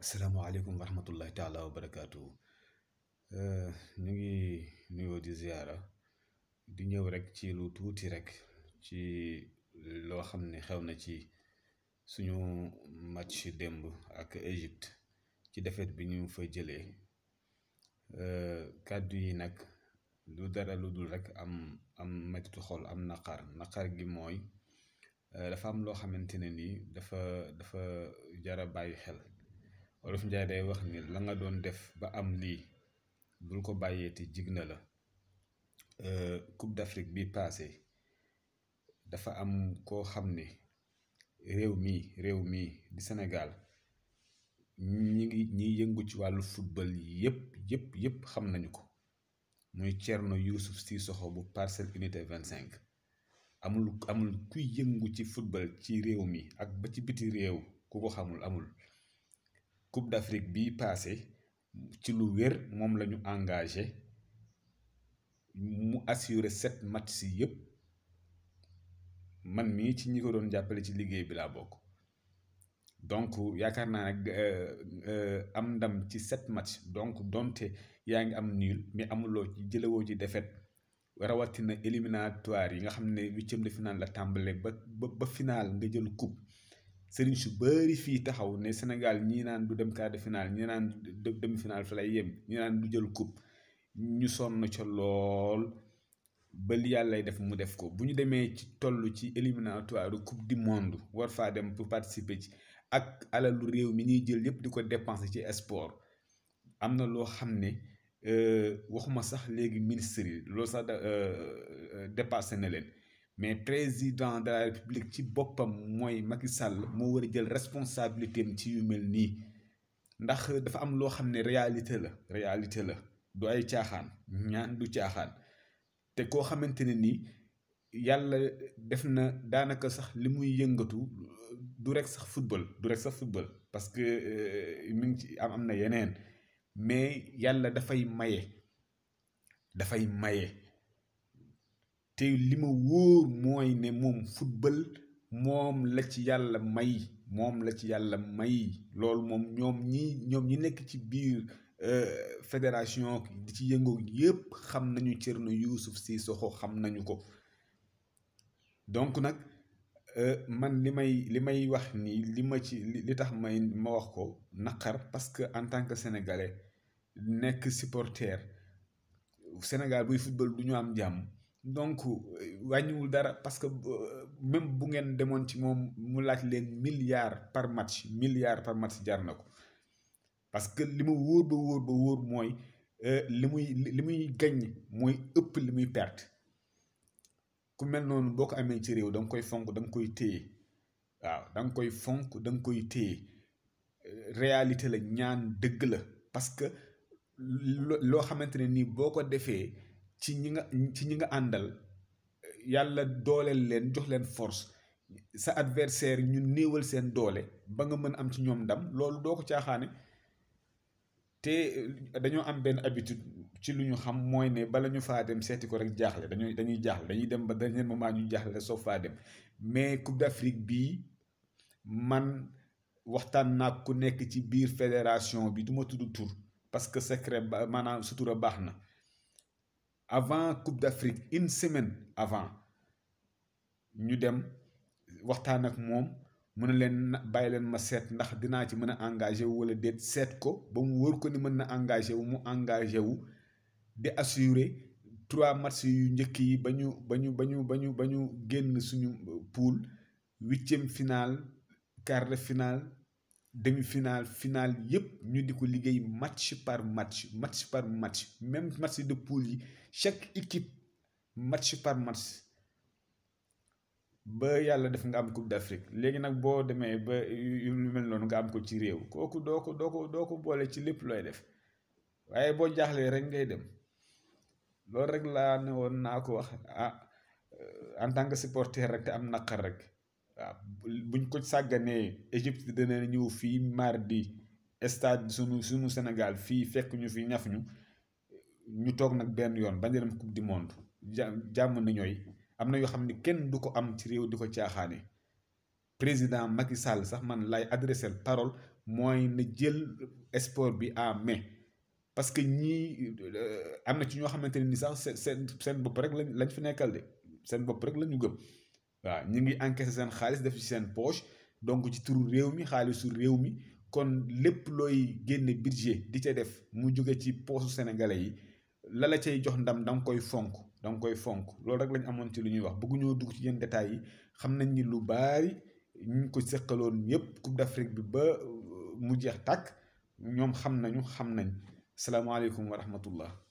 asalaamaaleykum wa rahmatullahi taala wa barakaatu eh, ñu ngi nuyoo di ziyaara di ñëw rek ci lu tuuti rek ci loo xam ne xew na ci suñu match démb ak Égypte ci defet bi ñu fa jëlee eh, kàddu yi nag lu dara lu dul rek am am mettitu xol am naqar naqar gi mooy eh, dafa am loo xamante ne nii dafa dafa jara bàyyi xel olof njaay day wax ni la nga doon def ba am lii bul ko bàyyeeti jig na la euh, Coupe d'Afrique bi passé dafa am koo xam ne réew mii réew mii di senegal ñi ngi ñiy yëngu ci wàllu football yépp yépp xam nañu ko muy Thierno Youssouf Sissoko bu Parcelles vingt cinq amul amul kuy yëngu ci football ci réew mi ak ba ci biti réew ku ko xamul amul coupe d'Afrique bi passé ci lu wér moom la ñu engagé mu assuré sept match si yépp man mii ci ñi ko doon jàppale ci liggéey bi laa bokk donc yaakaar naa nag euh, euh, am ndam ci sept match donc donte yaa ngi am nul mais amuloo ci jëlewoo ci défaite rawatina éliminatoire yi nga xam ne huitième de finale la tàmbalee ba ba ba finale nga jël coupe sëriñ su bëri fii taxaw ne Sénégal ñii naan du dem quart de finale ñii naan demi finale fa lay yem ñii naan du jël coupe ñu sonn ca lool ba li yàllay def mu def ko bu ñu demee ci tollu ci éliminatoire coupe du monde war faa dem pour participer ci ak alalu réew mi ñuy jël yëpp di ko dépenser ci sport am na loo xam ne euh, waxuma sax léegi ministre yi loolu sax euh, euh, dépassé na leen. mais président de la république ci boppam mooy Macky Sall moo war a jël responsabilité ci yu mel nii ndax dafa am loo xam ne réalité la réalité la du ay caaxaan ñaan du caaxaan te koo xamante ne nii yàlla def na daanaka sax li muy yëngatu du rek sax football du rek sax football parce que euh, mi ngi ci am am na yeneen mais yàlla dafay maye dafay maye. te li ma wóor mooy ne moom football moom la ci yàlla may moom la ci yàlla may loolu moom ñoom ñi ñoom ñi nekk ci biir euh, fédération di ci yëngoo yépp xam nañu Thierno si Cissokho xam nañu ko donc nag euh, man li may li may wax nii li ma ci li tax may ma wax ko naqar parce que en tant que sénégalais nekk supporter Sénégal buy football du ñu am jàmm donc euh, wàññiwul dara parce que euh, même bu ngeen demoon ci moom mu laaj leen milliard par match milliard par match jar na ko parce que li mu wóor ba wóor ba wóor mooy euh, li muy li muy gañ mooy ëpp li muy perte ku mel noonu boo ko amee ci réew da nga koy fonk danga koy téye waaw da nga koy fonk da nga koy téye réalité la ñaan dëgg la parce que loo xamante ne nii boo ko defee. ci ñi nga ci ñi nga àndal yàlla dooleel leen jox leen force sa adversaire ñu néewal seen doole ba nga mën am ci ñoom ndam loolu doo ko caaxaane te euh, dañoo am benn habitude ci lu ñu xam mooy ne bala ñu faa dem seeti ko rek jaaxle dañuy dañuy jaaxle dañuy dem ba dernier moment ñu jaaxle soo faa dem mais Coupe d'Afrique bii man waxtaan naa ku nekk ci biir fédération bi du ma tudd tur parce que secret ba maanaam sutura baax na avant Coupe d'Afrique une semaine avant ñu dem waxtaan ak moom mu ne leen bàyyi leen ma seet ndax dinaa ci mën a engagé walla wala déet seet ko ba mu wër ko ni mën na engagé wu mu engagé wu di assurer trois matchs yu njëkk yi ba ñu ba ñu ba ñu ba ñu ba ñu génn suñu poule huitième finale quart de finale demi-finale finale yëpp ñu di ko liggéey match par match match par match même match de poule yi chaque équipe match par match ba yàlla def nga am coupe d'Afrique léegi nag boo demee ba yu mel noonu nga am ko ci réew kooku doo ko doo ko doo ko boole ci lépp looy def waaye boo jaaxlee rek ngay dem loolu rek laa ne woon naa ko wax ah euh, en tant que supporter rek te am naqar rek. waaw buñ ko sàgganee Égypte dana ñëw fii mardi stade sunu sunu Sénégal fii fekk ñu fi ñaf ñu ñu toog nag benn yoon bañ dem coupe du monde jàmm na ñooy am na yoo xam ne kenn du ko am ci réew di ko caaxaane président Macky Sall sax man lay adressé parole mooy na jël sport bi à mai parce que ñii euh, am na ci ñoo xamante ne ni sax seen seen bopp rek lañ lañ fi nekkal de seen bopp rek la ñu gëm. waaw ñu ngi encaissé seen xaalis def ci seen poche donc ci turu réew mi xaalisu réew mi kon lépp looy génne budget di ca def mu jóge ci poosu sénégalais yi la la cay jox ndam da koy fonk da koy fonk loolu rek lañ amoon ci lu ñuy wax bëgguñoo dugg ci yenn détails yi xam nañ ni lu baari ñu ngi ko seqaloon yépp Coupe d'Afrique bi ba euh, mu jeex tàkk ñoom xam nañu xam nañ salaamaaleykum wa rahmatullah